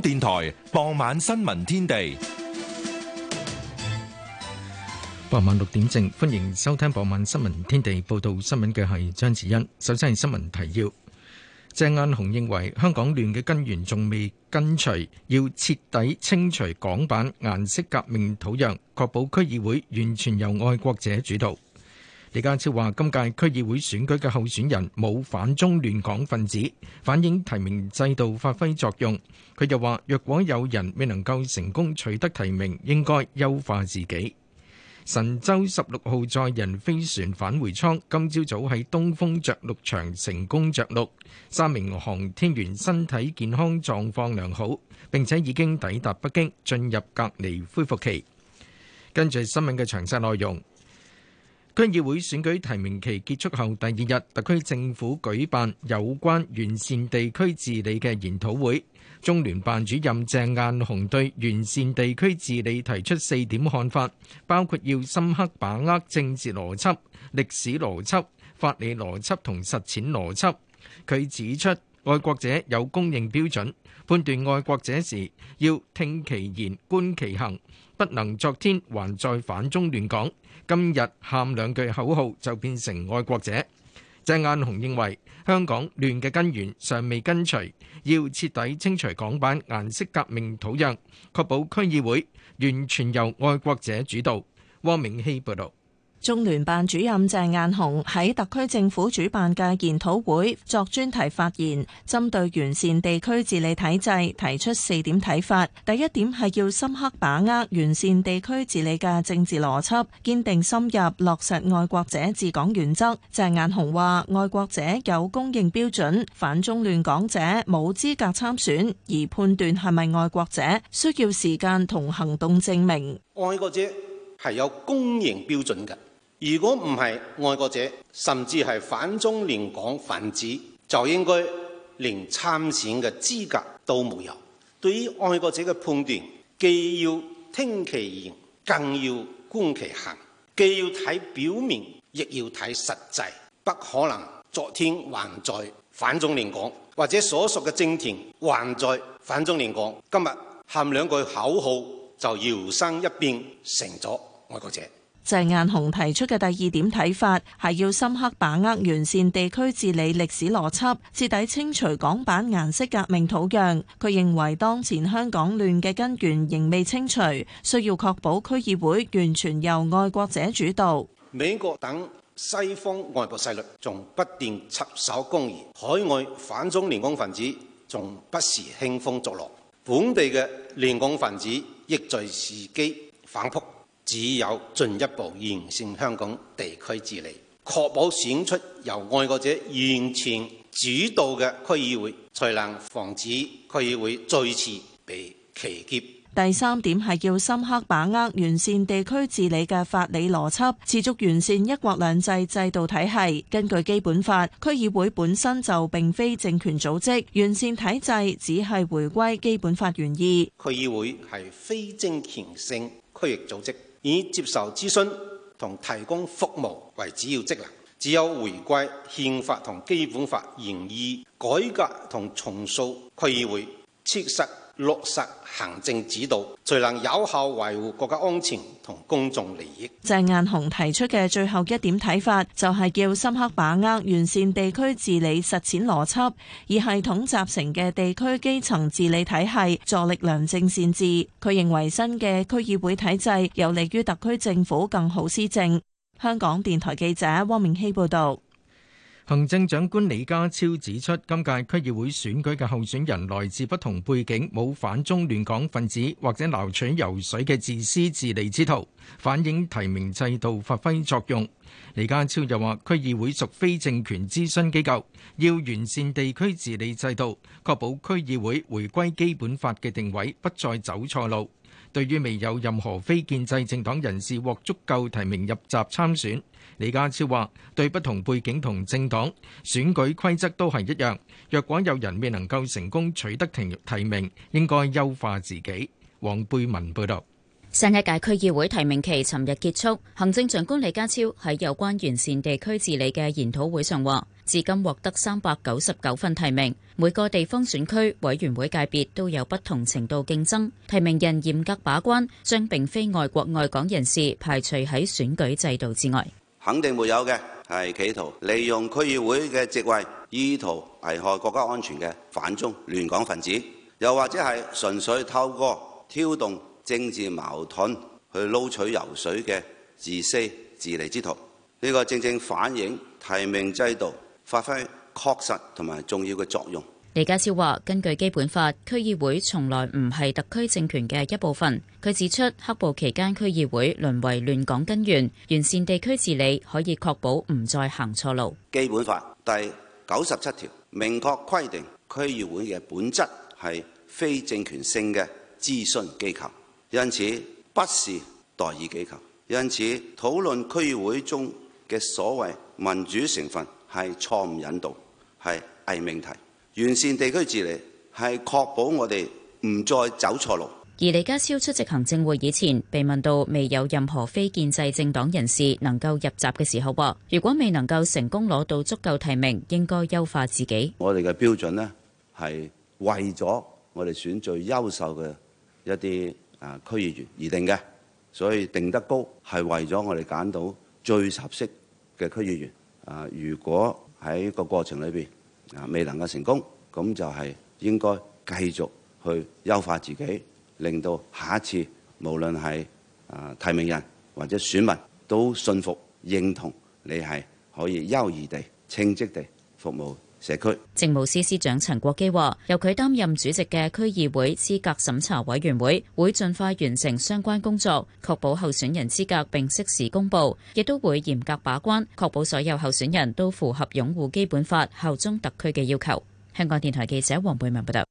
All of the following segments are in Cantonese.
電台傍晚新聞天地，傍晚六點正，歡迎收聽傍晚新聞天地。報道新聞嘅係張子欣。首先係新聞提要。鄭雁雄認為，香港亂嘅根源仲未根除，要徹底清除港版顏色革命土壤，確保區議會完全由愛國者主導。李家超話：今屆區議會選舉嘅候選人冇反中亂港分子，反映提名制度發揮作用。佢又話：若果有人未能夠成功取得提名，應該優化自己。神舟十六號載人飛船返回艙今朝早喺東風着陸場成功着陸，三名航天員身體健康狀況良好，並且已經抵達北京，進入隔離恢復期。跟住新聞嘅詳細內容。區議會選舉提名期結束後第二日，特區政府舉辦有關完善地區治理嘅研討會。中聯辦主任鄭雁雄對完善地區治理提出四點看法，包括要深刻把握政治邏輯、歷史邏輯、法理邏輯同實踐邏輯。佢指出，愛國者有公認標準，判斷愛國者時要聽其言、觀其行，不能昨天還在反中亂港。今日喊兩句口號就變成愛國者，鄭雁雄認為香港亂嘅根源尚未根除，要徹底清除港版顏色革命土壤，確保區議會完全由愛國者主導。汪明熙報道。中聯辦主任鄭雁雄喺特區政府主辦嘅研討會作專題發言，針對完善地區治理體制提出四點睇法。第一點係要深刻把握完善地區治理嘅政治邏輯，堅定深入落實愛國者治港原則。鄭雁雄話，愛國者有公認標準，反中亂港者冇資格參選，而判斷係咪愛國者，需要時間同行動證明。愛國者係有公認標準嘅。如果唔係愛國者，甚至係反中亂港分子，就應該連參選嘅資格都冇有。對於愛國者嘅判斷，既要聽其言，更要觀其行；既要睇表面，亦要睇實際。不可能昨天還在反中亂港，或者所屬嘅政權還在反中亂港，今日喊兩句口號，就搖身一變，成咗愛國者。鄭雁雄提出嘅第二點睇法係要深刻把握完善地區治理歷史邏輯，徹底清除港版顏色革命土壤。佢認為當前香港亂嘅根源仍未清除，需要確保區議會完全由愛國者主導。美國等西方外部勢力仲不斷插手干預，海外反中聯共分子仲不時興風作浪，本地嘅聯共分子亦在時機反撲。只有進一步完善香港地區治理，確保選出由愛國者完全主導嘅區議會，才能防止區議會再次被騎劫。第三點係要深刻把握完善地區治理嘅法理邏輯，持續完善一國兩制制度體系。根據基本法，區議會本身就並非政權組織，完善體制只係回歸基本法原意。區議會係非政權性區域組織。以接受諮詢同提供服務為主要職能，只有回歸憲法同基本法原意，改革同重塑區議會，切實。落實行政指導，最能有效維護國家安全同公眾利益。鄭雁雄提出嘅最後一點睇法，就係要深刻把握完善地區治理實踐邏輯，以系統集成嘅地區基層治理體系助力良政善治。佢認為新嘅區議會體制有利於特區政府更好施政。香港電台記者汪明熙報導。行政長官李家超指出，今屆區議會選舉嘅候選人來自不同背景，冇反中亂港分子或者撈取油水嘅自私自利之徒，反映提名制度發揮作用。李家超又話，區議會屬非政權諮詢機構，要完善地區治理制度，確保區議會回歸基本法嘅定位，不再走錯路。對於未有任何非建制政黨人士獲足夠提名入閘參選。李家超話：對不同背景同政黨，選舉規則都係一樣。若果有人未能夠成功取得提名，應該優化自己。黃貝文報導，上一屆區議會提名期尋日結束，行政長官李家超喺有關完善地區治理嘅研討會上話：至今獲得三百九十九份提名，每個地方選區委員會界別都有不同程度競爭，提名人嚴格把關，將並非外國外港人士排除喺選舉制度之外。肯定沒有嘅，係企圖利用區議會嘅職位，意圖危害國家安全嘅反中亂港分子，又或者係純粹透過挑動政治矛盾去撈取油水嘅自私自利之徒。呢、這個正正反映提名制度發揮確實同埋重要嘅作用。李家超話根據基本法，區議會從來唔係特區政權嘅一部分。佢指出，黑暴期間區議會淪為亂港根源，完善地區治理可以確保唔再行錯路。基本法第九十七條明確規定，區議會嘅本質係非政權性嘅諮詢機構，因此不是代議機構，因此，討論區議會中嘅所謂民主成分係錯誤引導，係偽命題。完善地區治理，係確保我哋唔再走錯路。而李家超出席行政會議前被問到未有任何非建制政黨人士能夠入閘嘅時候，如果未能夠成功攞到足夠提名，應該優化自己。我哋嘅標準呢，係為咗我哋選最優秀嘅一啲啊區議員而定嘅，所以定得高係為咗我哋揀到最合適嘅區議員。啊，如果喺個過程裏邊，未能夠成功，咁就係應該繼續去優化自己，令到下一次無論係啊提名人或者選民都信服認同你係可以優異地稱職地服務。社區政務司司長陳國基話，由佢擔任主席嘅區議會資格審查委員會會盡快完成相關工作，確保候選人資格並適時公佈，亦都會嚴格把關，確保所有候選人都符合擁護基本法、效忠特區嘅要求。香港電台記者黃貝文報道。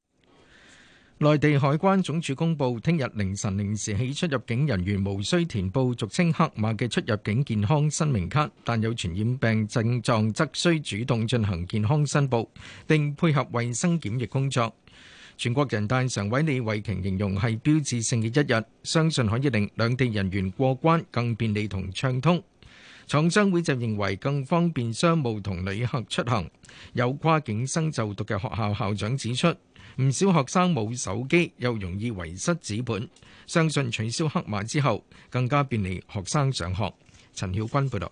內地海關總署公布，聽日凌晨零時起，出入境人員無需填報俗稱黑碼嘅出入境健康申明卡，但有傳染病症狀則需主動進行健康申報，並配合衛生檢疫工作。全國人大常委李慧瓊形容係標誌性嘅一日，相信可以令兩地人員過關更便利同暢通。廠商會就認為更方便商務同旅客出行。有跨境生就讀嘅學校校長指出，唔少學生冇手機，又容易遺失紙本，相信取消黑馬之後，更加便利學生上學，陳曉君報道。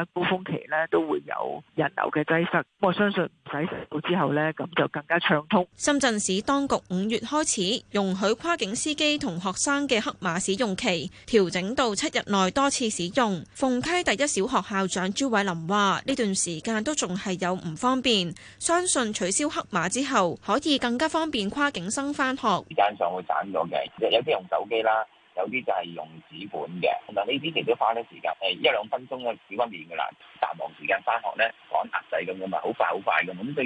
高峰期呢都會有人流嘅擠塞，我相信唔使到之後呢，咁就更加暢通。深圳市當局五月開始容許跨境司機同學生嘅黑馬使用期調整到七日內多次使用。鳳溪第一小學校長朱偉林話：呢段時間都仲係有唔方便，相信取消黑馬之後，可以更加方便跨境生返學。時間上會省咗嘅，有啲用手機啦。有啲就係用紙本嘅，同埋呢啲其實都花咗時間誒，一兩分鐘咧，洗翻面噶啦，繁忙時間翻學咧，趕壓製咁樣嘛，好快好快咁。咁對，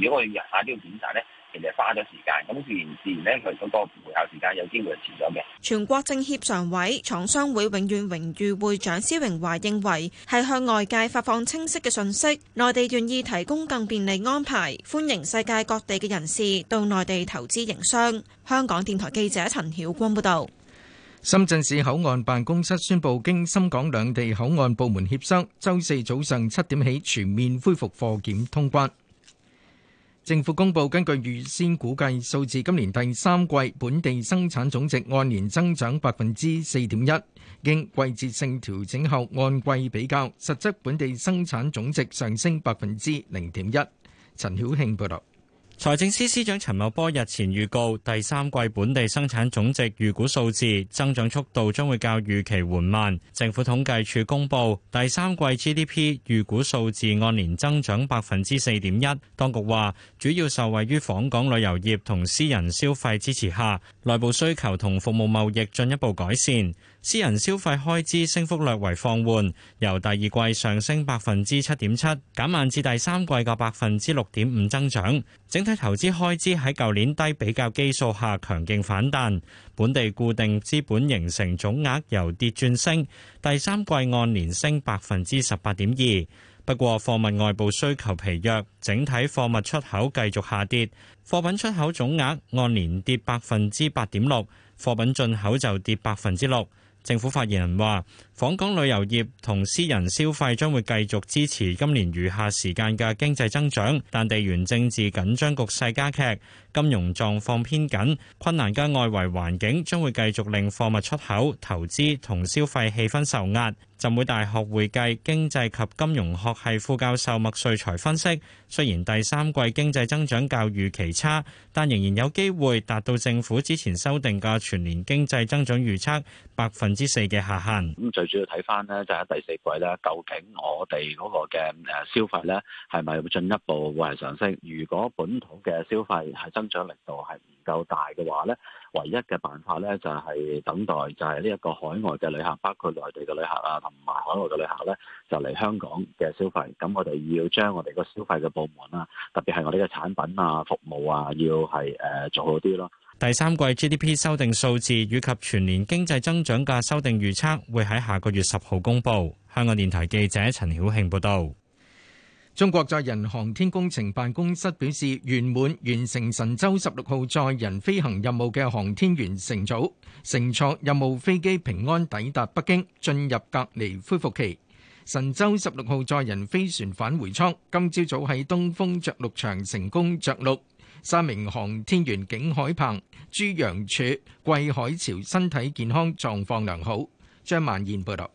如果我日下都要檢查咧，其實花咗時間咁自然自然咧，佢嗰個回校時間有機會遲咗嘅。全國政協常委、廠商會永遠榮譽會長施榮華認為係向外界發放清晰嘅信息，內地願意提供更便利安排，歡迎世界各地嘅人士到內地投資營商。香港電台記者陳曉光報導。深圳市口岸辦公室宣布，經深港兩地口岸部門協商，週四早上七點起全面恢復貨檢通關。政府公佈根據預先估計數字，今年第三季本地生產總值按年增長百分之四點一，經季節性調整後，按季比較，實質本地生產總值上升百分之零點一。陳曉慶報導。財政司司長陳茂波日前預告，第三季本地生產總值預估數字增長速度將會較預期緩慢。政府統計處公佈，第三季 GDP 預估數字按年增長百分之四點一。當局話，主要受惠於訪港旅遊業同私人消費支持下，內部需求同服務貿易進一步改善。私人消費開支升幅略為放緩，由第二季上升百分之七點七，減慢至第三季嘅百分之六點五增長。整體投資開支喺舊年低比較基數下強勁反彈，本地固定資本形成總額由跌轉升，第三季按年升百分之十八點二。不過，貨物外部需求疲弱，整體貨物出口繼續下跌，貨品出口總額按年跌百分之八點六，貨品進口就跌百分之六。政府發言人話：訪港旅遊業同私人消費將會繼續支持今年餘下時間嘅經濟增長，但地緣政治緊張局勢加劇，金融狀況偏緊，困難嘅外圍環境將會繼續令貨物出口、投資同消費氣氛受壓。浸會大學會計經濟及金融學系副教授麥瑞才分析，雖然第三季經濟增長較預期差，但仍然有機會達到政府之前修訂嘅全年經濟增長預測百分之四嘅下限。主要睇翻咧，就喺、是、第四季咧，究竟我哋嗰個嘅誒消費咧，係咪會進一步會係上升？如果本土嘅消費係增長力度係唔夠大嘅話咧，唯一嘅辦法咧，就係、是、等待，就係呢一個海外嘅旅客，包括內地嘅旅客啊，同埋海外嘅旅客咧，就嚟香港嘅消費。咁我哋要將我哋個消費嘅部門啊，特別係我哋嘅產品啊、服務啊，要係誒做好啲咯。第三季 GDP 修訂數字以及全年經濟增長嘅修訂預測，會喺下個月十號公布。香港電台記者陳曉慶報導。中國載人航天工程辦公室表示，圓滿完成神舟十六號載人飛行任務嘅航天員乘組，乘坐任務飛機平安抵達北京，進入隔離恢復期。神舟十六號載人飛船返回艙今朝早喺東風着陸場成功着陸。三名航天員景海鵬、朱楊柱、桂海潮身體健康狀況良好。張曼燕報道。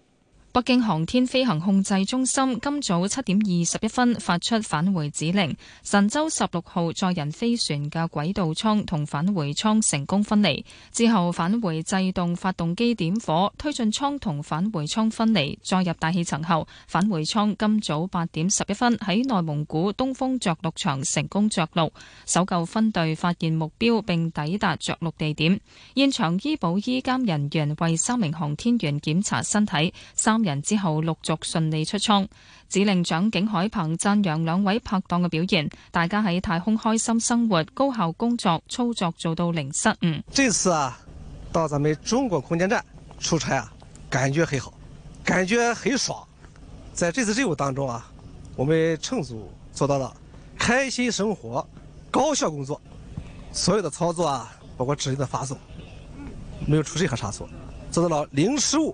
北京航天飛行控制中心今早七點二十一分發出返回指令，神舟十六號載人飛船嘅軌道艙同返回艙成功分離。之後返回制動發動機點火，推進艙同返回艙分離。再入大氣層後，返回艙今早八點十一分喺內蒙古東風着陸場成功着陸。搜救分隊發現目標並抵達着陸地點，現場醫保醫監人員為三名航天員檢查身體。三人之後陸續順利出艙，指令長景海鵬贊揚兩位拍檔嘅表現，大家喺太空開心生活，高效工作，操作做到零失誤。這次啊，到咱們中國空間站出差啊，感覺很好，感覺很爽。在這次任務當中啊，我們乘組做到了開心生活、高效工作，所有的操作啊，包括指令的發送，沒有出任何差錯，做到了零失誤。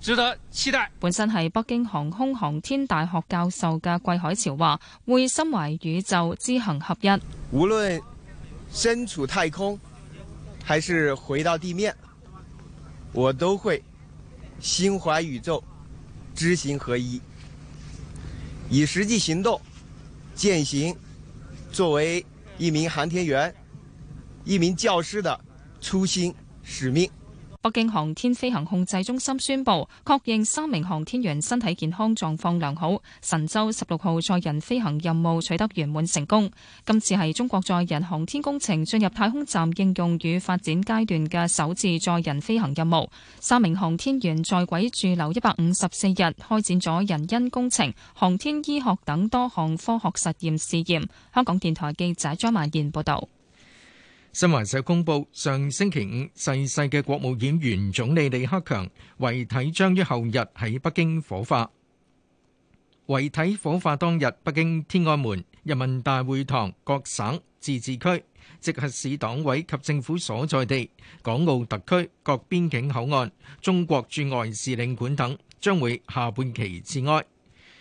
值得期待。本身係北京航空航天大學教授嘅桂海潮話，會心懷宇宙之行合一知行合一。無論身處太空，還是回到地面，我都會心懷宇宙知行合一，以實際行動踐行作為一名航天員、一名教師的初心使命。北京航天飛行控制中心宣布，確認三名航天員身體健康狀況良好，神舟十六號載人飛行任務取得圓滿成功。今次係中國載人航天工程進入太空站應用與發展階段嘅首次載人飛行任務，三名航天員在軌駐留一百五十四日，開展咗人因工程、航天醫學等多項科學實驗試驗。香港電台記者張曼燕報道。新華社公布，上星期五逝世嘅國務院原總理李克強遺體將於後日喺北京火化。遺體火化當日，北京天安門、人民大會堂、各省自治區直轄市黨委及政府所在地、港澳特區、各邊境口岸、中國駐外使領館等，將會下半旗致哀。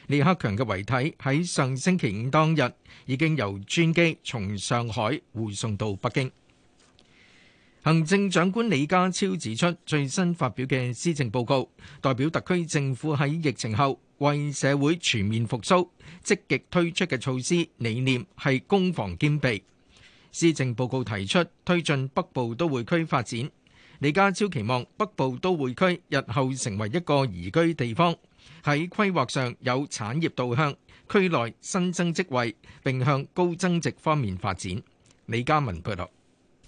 李克強嘅遺體喺上星期五當日已經由專機從上海護送到北京。行政長官李家超指出，最新發表嘅施政報告代表特區政府喺疫情後為社會全面復蘇，積極推出嘅措施理念係攻防兼備。施政報告提出推進北部都會區發展，李家超期望北部都會區日後成為一個宜居地方，喺規劃上有產業導向，區內新增職位，並向高增值方面發展。李嘉文報道，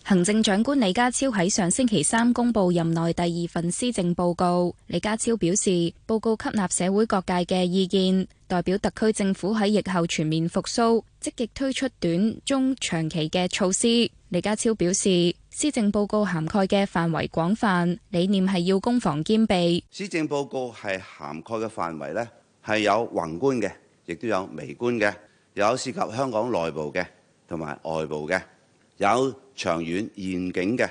行政長官李家超喺上星期三公布任內第二份施政報告。李家超表示，報告吸納社會各界嘅意見。代表特區政府喺疫後全面復甦，積極推出短、中、長期嘅措施。李家超表示，施政報告涵蓋嘅範圍廣泛，理念係要攻防兼備。施政報告係涵蓋嘅範圍呢係有宏觀嘅，亦都有微觀嘅，有涉及香港內部嘅同埋外部嘅，有長遠願景嘅，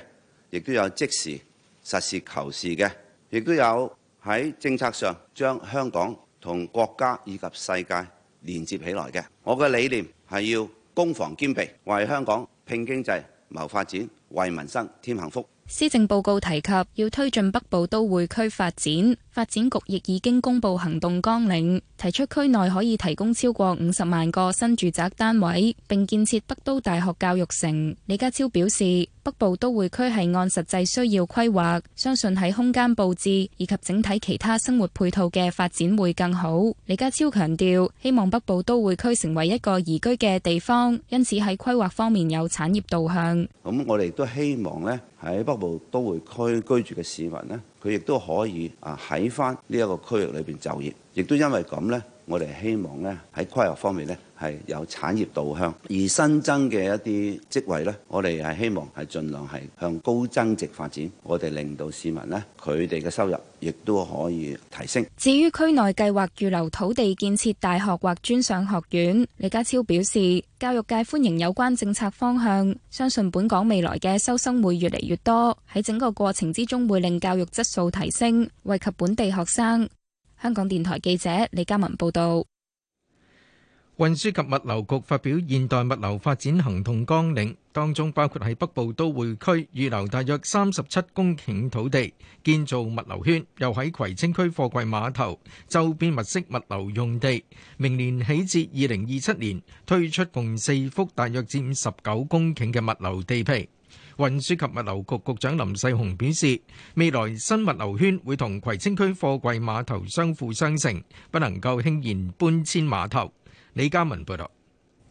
亦都有即時、實事求是嘅，亦都有喺政策上將香港同國家以及世界連接起來嘅，我嘅理念係要攻防兼備，為香港拼經濟、謀發展，為民生添幸福。施政報告提及要推進北部都會區發展，發展局亦已經公布行動綱領，提出區內可以提供超過五十萬個新住宅單位，並建設北都大學教育城。李家超表示。北部都會區係按實際需要規劃，相信喺空間布置以及整體其他生活配套嘅發展會更好。李家超強調，希望北部都會區成為一個宜居嘅地方，因此喺規劃方面有產業導向。咁我哋都希望呢，喺北部都會區居住嘅市民呢，佢亦都可以啊喺翻呢一個區域裏邊就業，亦都因為咁呢，我哋希望呢，喺規劃方面呢。係有產業導向，而新增嘅一啲職位呢，我哋係希望係盡量係向高增值發展，我哋令到市民呢，佢哋嘅收入亦都可以提升。至於區內計劃預留土地建設大學或專上學院，李家超表示，教育界歡迎有關政策方向，相信本港未來嘅收生會越嚟越多，喺整個過程之中會令教育質素提升，惠及本地學生。香港電台記者李嘉文報道。運輸及物流局發表現代物流發展行動綱領，當中包括喺北部都會區預留大約三十七公頃土地建造物流圈，又喺葵青區貨櫃碼頭周邊物色物流用地。明年起至二零二七年推出共四幅大約佔十九公頃嘅物流地皮。運輸及物流局局長林世雄表示，未來新物流圈會同葵青區貨櫃碼頭相輔相成，不能夠輕言搬遷碼頭。李家文報道，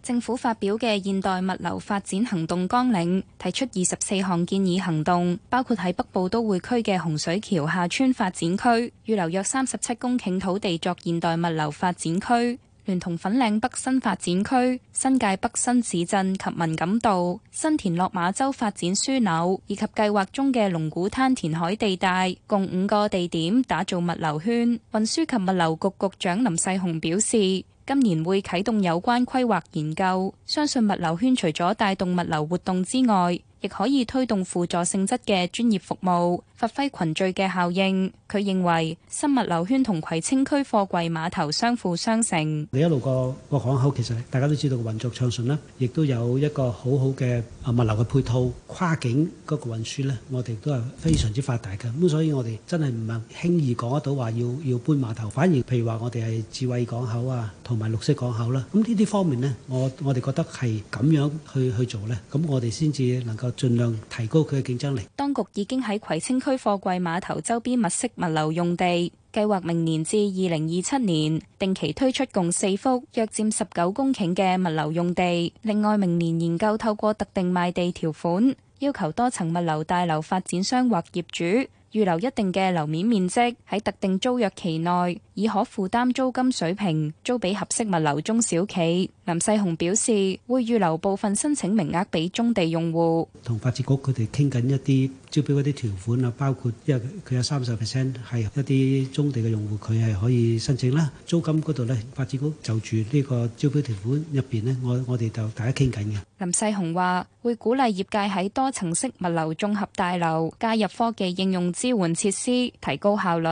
政府發表嘅現代物流發展行動綱領提出二十四項建議行動，包括喺北部都會區嘅洪水橋下村發展區預留約三十七公頃土地作現代物流發展區，聯同粉嶺北新發展區、新界北新市鎮及文錦道、新田落馬洲發展樞紐以及計劃中嘅龍鼓灘填海地帶，共五個地點打造物流圈。運輸及物流局局長林世雄表示。今年會啟動有關規劃研究，相信物流圈除咗帶動物流活動之外，亦可以推動輔助性質嘅專業服務，發揮群聚嘅效應。佢認為新物流圈同葵青區貨櫃碼頭相輔相成。你一路個個港口其實大家都知道個運作暢順啦，亦都有一個好好嘅物流嘅配套，跨境嗰個運輸呢，我哋都係非常之發達嘅。咁所以我哋真係唔係輕易講得到話要要搬碼頭，反而譬如話我哋係智慧港口啊，同埋綠色港口啦。咁呢啲方面呢，我我哋覺得係咁樣去去做呢。咁我哋先至能夠盡量提高佢嘅競爭力。當局已經喺葵青區貨櫃碼頭周邊物色物流用地計劃明年至二零二七年定期推出，共四幅約佔十九公頃嘅物流用地，另外明年研究透過特定賣地條款，要求多層物流大樓發展商或業主預留一定嘅樓面面積喺特定租約期內。以可負擔租金水平租俾合適物流中小企。林世雄表示會預留部分申請名額俾中地用戶，同發展局佢哋傾緊一啲招標嗰啲條款啊，包括因為佢有三十 percent 係一啲中地嘅用戶，佢係可以申請啦。租金嗰度呢，發展局就住呢個招標條款入邊呢，我我哋就大家傾緊嘅。林世雄話會鼓勵業界喺多層式物流綜合大樓加入科技應用支援設施，提高效率。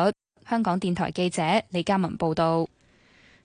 香港電台記者李嘉文報道，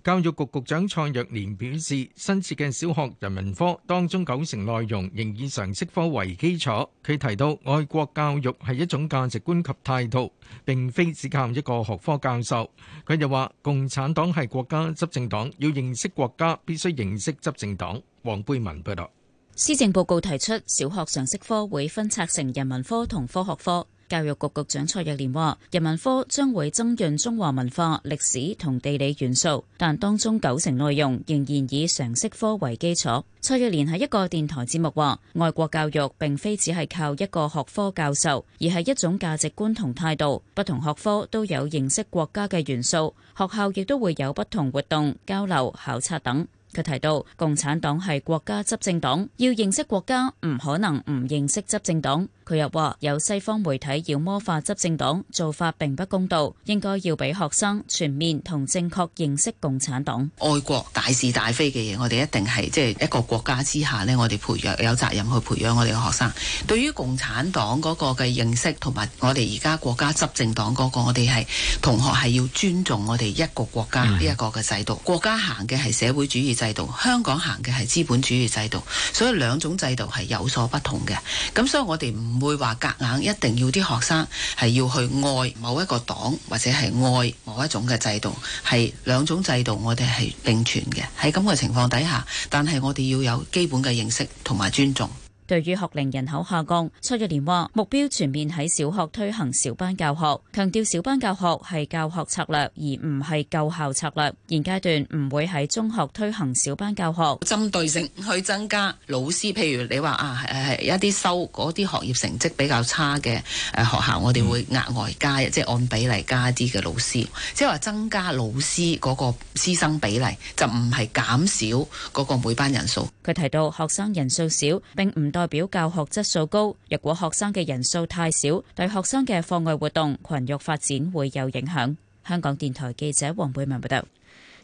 教育局局長蔡若蓮表示，新設嘅小學人文科當中，九成內容仍以常識科為基礎。佢提到，愛國教育係一種價值觀及態度，並非只靠一個學科教授。佢又話，共產黨係國家執政黨，要認識國家，必須認識執政黨。黃貝文報道，施政報告提出，小學常識科會分拆成人文科同科學科。教育局局長蔡若蓮話，人文科將會增潤中華文化、歷史同地理元素，但當中九成內容仍然以常識科為基礎。蔡若蓮喺一個電台節目話，外國教育並非只係靠一個學科教授，而係一種價值觀同態度。不同學科都有認識國家嘅元素，學校亦都會有不同活動、交流、考察等。佢提到，共產黨係國家執政黨，要認識國家，唔可能唔認識執政黨。佢又話：有西方媒體要魔化執政黨做法並不公道，應該要俾學生全面同正確認識共產黨、愛國大是大非嘅嘢。我哋一定係即係一個國家之下呢，我哋培養有責任去培養我哋嘅學生。對於共產黨嗰個嘅認識同埋我哋而家國家執政黨嗰個，我哋係同學係要尊重我哋一個國家呢一個嘅制度。國家行嘅係社會主義制度，香港行嘅係資本主義制度，所以兩種制度係有所不同嘅。咁所以我哋唔唔會話夾硬一定要啲學生係要去愛某一個黨或者係愛某一種嘅制度，係兩種制度我哋係並存嘅。喺咁嘅情況底下，但係我哋要有基本嘅認識同埋尊重。對於學齡人口下降，蔡若蓮話目標全面喺小學推行小班教學，強調小班教學係教學策略，而唔係救校策略。現階段唔會喺中學推行小班教學，針對性去增加老師。譬如你話啊，係係一啲收嗰啲學業成績比較差嘅誒學校，我哋會額外加，即係按比例加啲嘅老師，即係話增加老師嗰個師生比例，就唔係減少嗰個每班人數。佢提到學生人數少並唔多。代表教學質素高，若果學生嘅人數太少，對學生嘅課外活動、群育發展會有影響。香港電台記者黃佩文報道。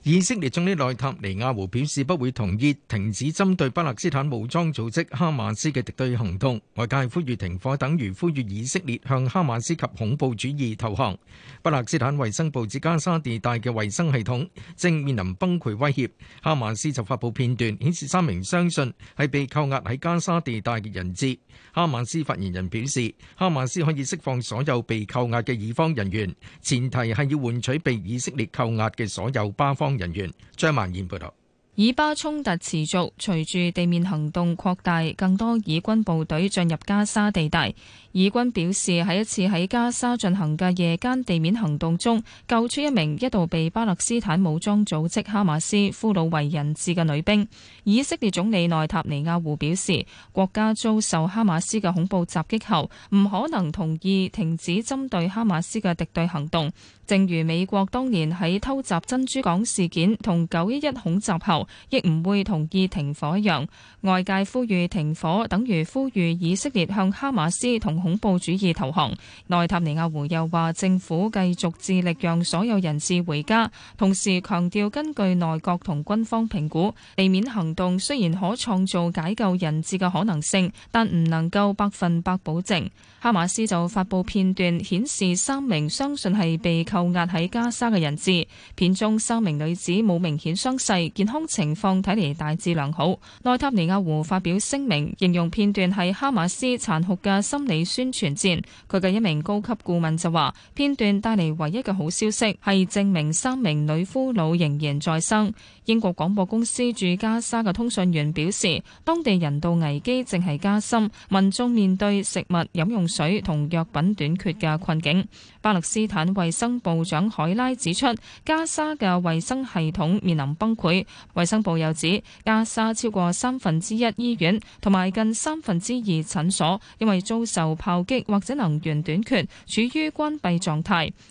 以色列總理內塔尼亞胡表示不會同意停止針對巴勒斯坦武裝組織哈馬斯嘅敵對行動。外界呼籲停火，等於呼籲以色列向哈馬斯及恐怖主義投降。巴勒斯坦衛生部指加沙地帶嘅衛生系統正面臨崩潰威脅。哈馬斯就發佈片段，顯示三名相信係被扣押喺加沙地帶嘅人質。哈馬斯發言人表示，哈馬斯可以釋放所有被扣押嘅以方人員，前提係要換取被以色列扣押嘅所有巴方人員張曼燕報道。以巴衝突持續，隨住地面行動擴大，更多以軍部隊進入加沙地帶。以軍表示喺一次喺加沙進行嘅夜間地面行動中，救出一名一度被巴勒斯坦武裝組織哈馬斯俘虜為人質嘅女兵。以色列總理內塔尼亞胡表示，國家遭受哈馬斯嘅恐怖襲擊後，唔可能同意停止針對哈馬斯嘅敵對行動。正如美國當年喺偷襲珍珠港事件同九一一恐襲後，亦唔會同意停火一樣，外界呼籲停火等於呼籲以色列向哈馬斯同恐怖主義投降。內塔尼亞胡又話，政府繼續致力讓所有人質回家，同時強調根據內閣同軍方評估，地面行動雖然可創造解救人質嘅可能性，但唔能夠百分百保證。哈馬斯就發布片段顯示三名相信係被扣押喺加沙嘅人質，片中三名女子冇明顯傷勢，健康情況睇嚟大致良好。內塔尼亞胡發表聲明，形容片段係哈馬斯殘酷嘅心理宣傳戰。佢嘅一名高級顧問就話，片段帶嚟唯一嘅好消息，係證明三名女俘虜仍然在生。英國廣播公司駐加沙嘅通訊員表示，當地人道危機正係加深，民眾面對食物、飲用水同藥品短缺嘅困境。巴勒斯坦衛生部長海拉指出，加沙嘅衛生系統面臨崩潰。衛生部又指，加沙超過三分之一醫院同埋近三分之二診所因為遭受炮擊或者能源短缺，處於關閉狀態。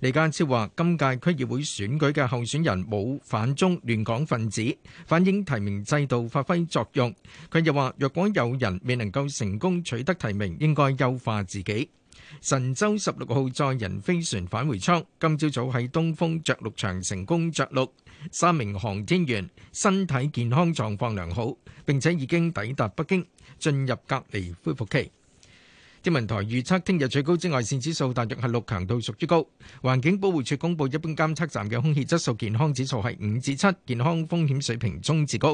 李家超話：今屆區議會選舉嘅候選人冇反中亂港分子，反映提名制度發揮作用。佢又話：若果有人未能夠成功取得提名，應該優化自己。神舟十六號載人飛船返回艙今朝早喺東風着陸場成功着陸，三名航天員身體健康狀況良好，並且已經抵達北京，進入隔離恢復期。天文台預測聽日最高紫外線指數大約係六，強度屬於高。環境保護署公布一般監測站嘅空氣質素健康指數係五至七，健康風險水平中至高。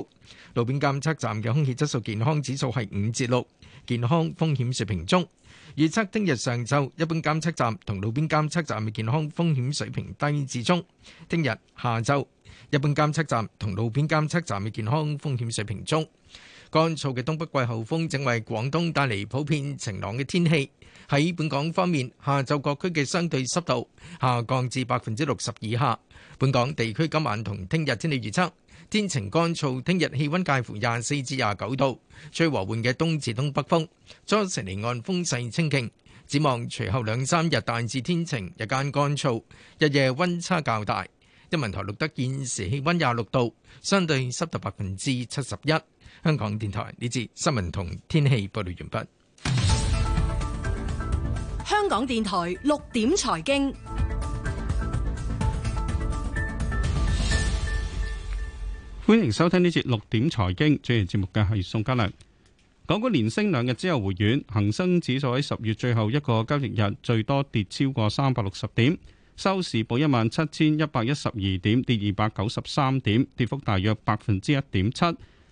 路邊監測站嘅空氣質素健康指數係五至六，健康風險水平中。預測聽日上晝一般監測站同路邊監測站嘅健康風險水平低至中。聽日下晝一般監測站同路邊監測站嘅健康風險水平中。乾燥嘅東北季候風正為廣東帶嚟普遍晴朗嘅天氣。喺本港方面，下晝各區嘅相對濕度下降至百分之六十以下。本港地區今晚同聽日天氣預測天晴乾燥，聽日氣温介乎廿四至廿九度，吹和緩嘅東至東北風。初時離岸風勢清勁，展望隨後兩三日大致天晴，日間乾燥，日夜温差較大。天文台錄得現時氣温廿六度，相對濕度百分之七十一。香港電台呢節新聞同天氣報道完畢。香港電台六點財經，歡迎收聽呢節六點財經，主持節目嘅係宋嘉良。港股連升兩日之後回軟，恒生指數喺十月最後一個交易日最多跌超過三百六十點，收市報一萬七千一百一十二點，跌二百九十三點，跌幅大約百分之一點七。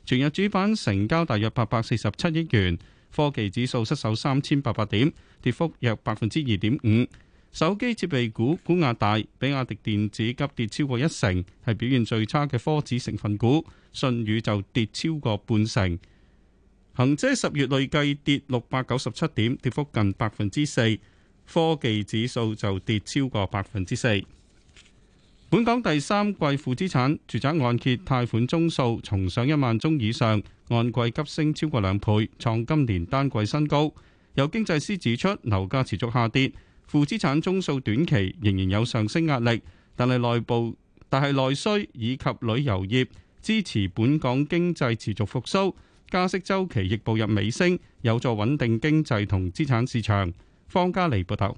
全日主板成交大約八百四十七億元，科技指數失守三千八百點，跌幅約百分之二點五。手機設備股沽壓大，比亞迪電子急跌超過一成，係表現最差嘅科指成分股。舜宇就跌超過半成，恒指十月累計跌六百九十七點，跌幅近百分之四。科技指數就跌超過百分之四。本港第三季負資產住宅按揭貸款宗數重上一萬宗以上，按季急升超過兩倍，創今年單季新高。有經濟師指出，樓價持續下跌，負資產宗數短期仍然有上升壓力，但係內部但係內需以及旅遊業支持本港經濟持續復甦，加息週期亦步入尾聲，有助穩定經濟同資產市場，方家利報道。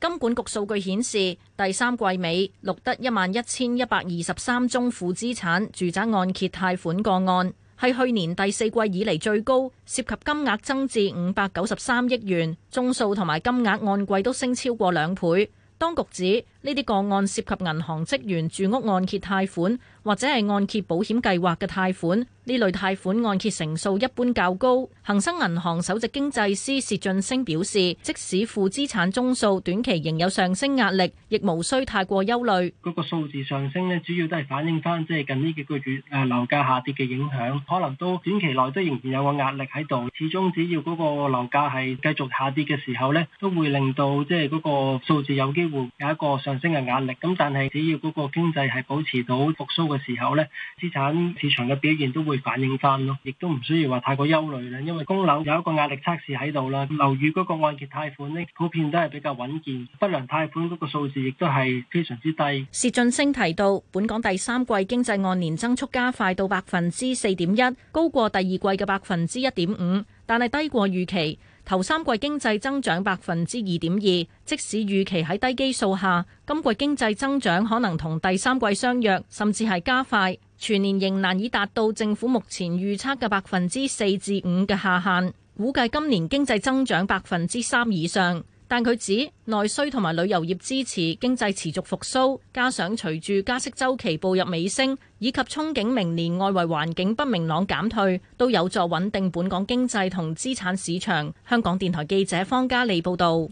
金管局數據顯示，第三季尾錄得一萬一千一百二十三宗負資產住宅按揭貸款個案，係去年第四季以嚟最高，涉及金額增至五百九十三億元，宗數同埋金額按季都升超過兩倍。當局指，呢啲個案涉及銀行職員住屋按揭貸款或者係按揭保險計劃嘅貸款，呢類貸款按揭成數一般較高。恒生銀行首席經濟師薛俊昇表示，即使負資產宗數短期仍有上升壓力，亦無需太過憂慮。嗰個數字上升咧，主要都係反映翻即係近呢幾個月誒樓價下跌嘅影響，可能都短期內都仍然有個壓力喺度。始終只要嗰個樓價係繼續下跌嘅時候咧，都會令到即係嗰個數字有機會有一個上升嘅壓力，咁但係只要嗰個經濟係保持到復甦嘅時候呢，資產市場嘅表現都會反映翻咯，亦都唔需要話太過憂慮啦。因為供樓有一個壓力測試喺度啦，樓宇嗰個按揭貸款呢，普遍都係比較穩健，不良貸款嗰個數字亦都係非常之低。薛俊升提到，本港第三季經濟按年增速加快到百分之四點一，高過第二季嘅百分之一點五，但係低過預期。頭三季經濟增長百分之二點二，即使預期喺低基數下，今季經濟增長可能同第三季相若，甚至係加快，全年仍難以達到政府目前預測嘅百分之四至五嘅下限，估計今年經濟增長百分之三以上。但佢指內需同埋旅遊業支持經濟持續復蘇，加上隨住加息周期步入尾聲，以及憧憬明年外圍環境不明朗減退，都有助穩定本港經濟同資產市場。香港電台記者方嘉利報道。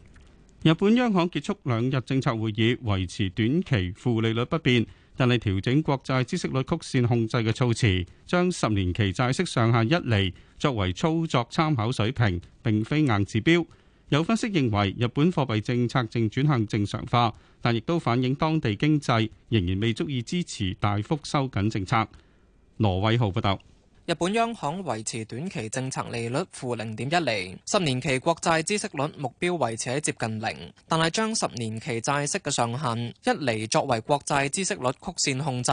日本央行結束兩日政策會議，維持短期負利率不變，但係調整國債孳息率曲線控制嘅措辭，將十年期債息上限一厘作為操作參考水平，並非硬指標。有分析認為，日本貨幣政策正轉向正常化，但亦都反映當地經濟仍然未足以支持大幅收緊政策。羅偉浩報道，日本央行維持短期政策利率負零點一厘，十年期國債孳息率目標維持喺接近零，但係將十年期債息嘅上限一厘作為國債孳息率曲線控制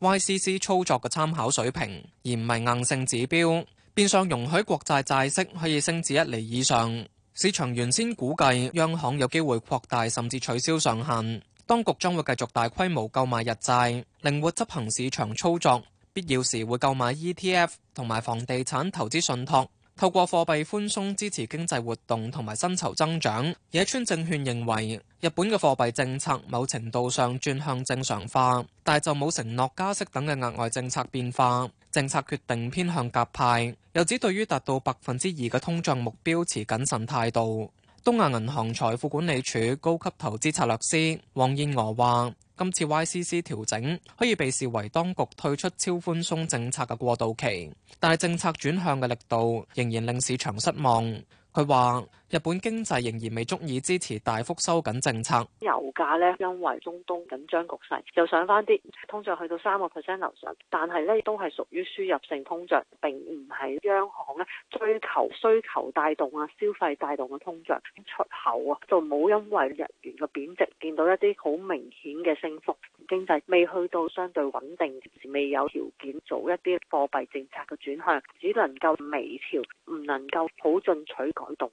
YCC 操作嘅參考水平，而唔係硬性指標，變相容許國債債息可以升至一厘以上。市場原先估計央行有機會擴大甚至取消上限，當局將會繼續大規模購買日債，靈活執行市場操作，必要時會購買 ETF 同埋房地產投資信託，透過貨幣寬鬆支持經濟活動同埋薪酬增長。野村證券認為日本嘅貨幣政策某程度上轉向正常化，但就冇承諾加息等嘅額外政策變化。政策決定偏向鴿派，又指對於達到百分之二嘅通脹目標持謹慎態度。東亞銀行財富管理處高級投資策略師黃燕娥話：今次 YCC 調整可以被視為當局退出超寬鬆政策嘅過渡期，但係政策轉向嘅力度仍然令市場失望。佢話。日本經濟仍然未足以支持大幅收緊政策。油價呢，因為中東緊張局勢就上翻啲，通脹去到三個 percent 樓上，但係呢，都係屬於輸入性通脹，並唔係央行咧追求需求帶動啊、消費帶動嘅通脹出口啊，就冇因為日元嘅貶值見到一啲好明顯嘅升幅。經濟未去到相對穩定，未有條件做一啲貨幣政策嘅轉向，只能夠微調，唔能夠好進取改動。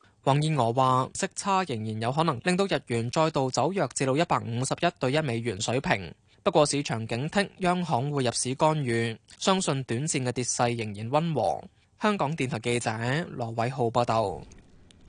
我話息差仍然有可能令到日元再度走弱，至到一百五十一對一美元水平。不過市場警惕央行會入市干預，相信短綫嘅跌勢仍然溫和。香港電台記者羅偉浩報道。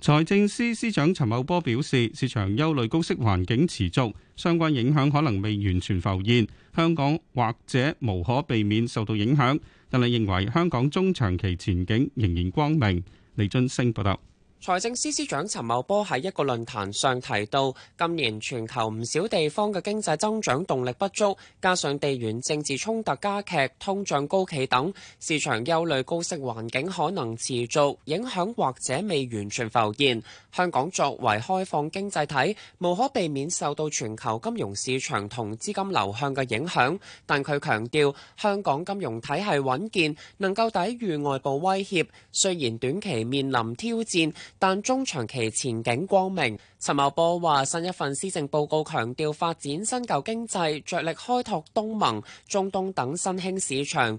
財政司司司長陳茂波表示，市場憂慮高息環境持續，相關影響可能未完全浮現，香港或者無可避免受到影響。但係認為香港中長期前景仍然光明。李俊升報道。財政司司長陳茂波喺一個論壇上提到，今年全球唔少地方嘅經濟增長動力不足，加上地緣政治衝突加劇、通脹高企等，市場憂慮高息環境可能持續，影響或者未完全浮現。香港作為開放經濟體，無可避免受到全球金融市場同資金流向嘅影響，但佢強調香港金融體系穩健，能夠抵禦外部威脅，雖然短期面臨挑戰。但中長期前景光明，陳茂波話，新一份施政報告強調發展新舊經濟，着力開拓東盟、中東等新興市場。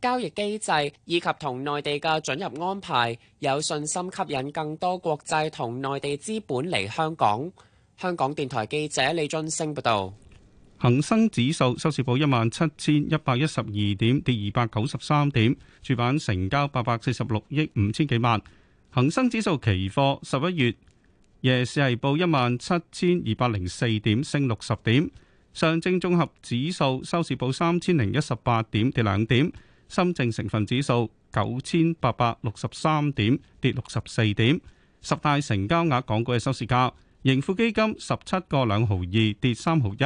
交易機制以及同內地嘅準入安排，有信心吸引更多國際同內地資本嚟香港。香港電台記者李俊升報道。恒生指數收市報一萬七千一百一十二點，跌二百九十三點，主板成交八百四十六億五千幾萬。恒生指數期貨十一月夜市係報一萬七千二百零四點，升六十點。上證綜合指數收市報三千零一十八點，跌兩點。深證成分指數九千八百六十三點，跌六十四點。十大成交額港股嘅收市價，盈富基金十七個兩毫二，跌三毫一；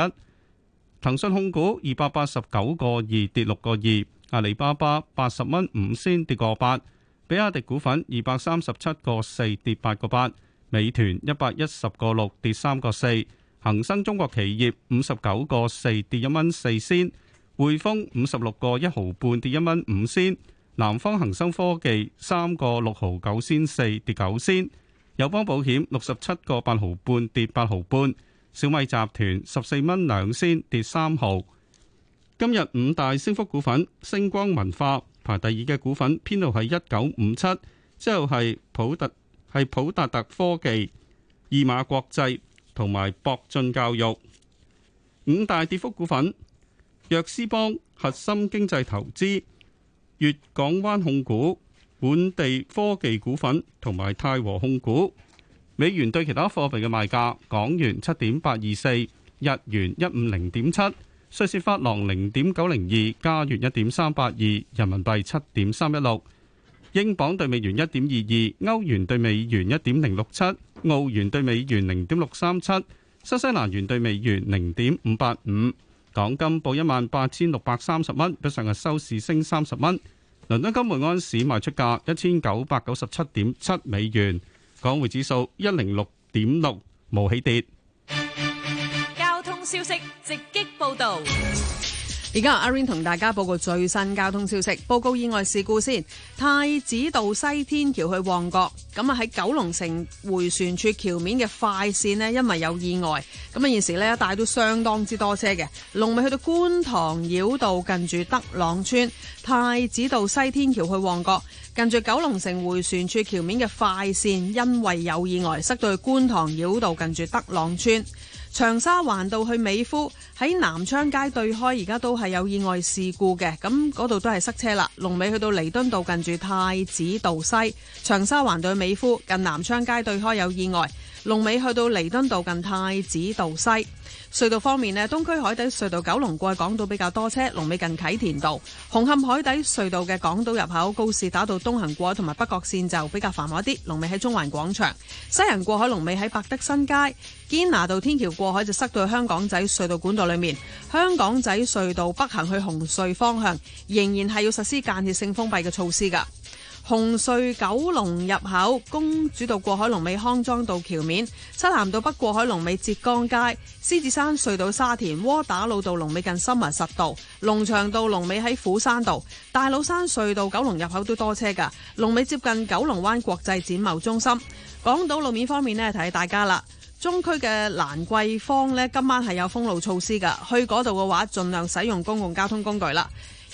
騰訊控股二百八十九個二，跌六個二；阿里巴巴八十蚊五仙，跌個八；比亞迪股份二百三十七個四，跌八個八；美團一百一十個六，跌三個四；恒生中國企業五十九個四，跌一蚊四仙。匯豐五十六個一毫半，跌一蚊五仙，南方恒生科技三個六毫九仙四，跌九仙，友邦保險六十七個八毫半，跌八毫半，小米集團十四蚊兩仙，跌三毫。今日五大升幅股份，星光文化排第二嘅股份編號係一九五七，之後係普特係普達特科技、二馬國際同埋博進教育。五大跌幅股份，藥師幫、核心經濟投資、粵港灣控股、本地科技股份同埋泰和控股。美元對其他貨幣嘅賣價：港元七點八二四，日元一五零點七，瑞士法郎零點九零二，加元一點三八二，人民幣七點三一六，英鎊兌美元一點二二，歐元兌美元一點零六七，澳元兌美元零點六三七，新西蘭元兌美元零點五八五。港金報一萬八千六百三十蚊，比上日收市升三十蚊。倫敦金每安士賣出價一千九百九十七點七美元，港匯指數一零六點六，冇起跌。交通消息直擊報道。而家阿阿 Ring 同大家報告最新交通消息，報告意外事故先。太子道西天橋去旺角，咁啊喺九龍城回旋處橋面嘅快線呢，因為有意外，咁啊現時呢一帶都相當之多車嘅。龍尾去到觀塘繞道近住德朗村，太子道西天橋去旺角，近住九龍城回旋處橋面嘅快線，因為有意外，塞到去觀塘繞道近住德朗村。長沙灣道去美孚喺南昌街對開，而家都係有意外事故嘅，咁嗰度都係塞車啦。龍尾去到彌敦道近住太子道西，長沙灣道去美孚近南昌街對開有意外。龍尾去到彌敦道近太子道西。隧道方面咧，東區海底隧道九龍過去港島比較多車，龍尾近啟田道；紅磡海底隧道嘅港島入口、告士打道東行過海同埋北角線就比較繁忙一啲，龍尾喺中環廣場；西行過海龍尾喺百德新街、堅拿道天橋過海就塞到香港仔隧道管道裏面。香港仔隧道北行去紅隧方向仍然係要實施間歇性封閉嘅措施噶。紅隧九龍入口、公主道過海龍尾康莊道橋面、漆咸道北過海龍尾浙江街、獅子山隧道沙田窩打老道龍尾近森麻實道、龍翔道龍尾喺斧山道、大老山隧道九龍入口都多車噶，龍尾接近九龍灣國際展貿中心。港島路面方面呢，提下大家啦，中區嘅蘭桂坊呢，今晚係有封路措施噶，去嗰度嘅話盡量使用公共交通工具啦。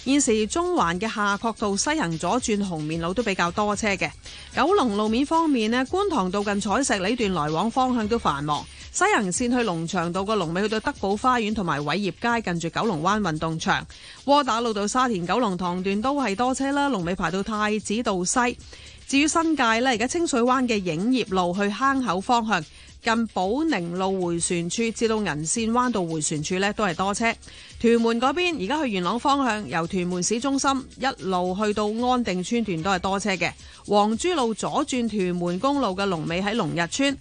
現時中環嘅夏慤道西行左轉紅棉路都比較多車嘅。九龍路面方面咧，觀塘道近彩石里呢段來往方向都繁忙。西行線去龍翔道個龍尾去到德寶花園同埋偉業街近住九龍灣運動場。窩打老道沙田九龍塘段都係多車啦，龍尾排到太子道西。至於新界呢，而家清水灣嘅影業路去坑口方向。近寶寧路回旋處至到銀線灣道回旋處咧都係多車。屯門嗰邊而家去元朗方向，由屯門市中心一路去到安定村段都係多車嘅。黃珠路左轉屯門公路嘅龍尾喺龍日村。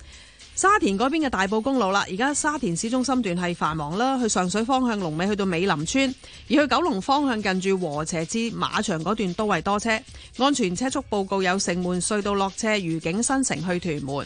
沙田嗰邊嘅大埔公路啦，而家沙田市中心段係繁忙啦，去上水方向龍尾去到美林村而去九龍方向近住禾輋至馬場嗰段都係多車。安全車速報告有城門隧道落車，愉景新城去屯門。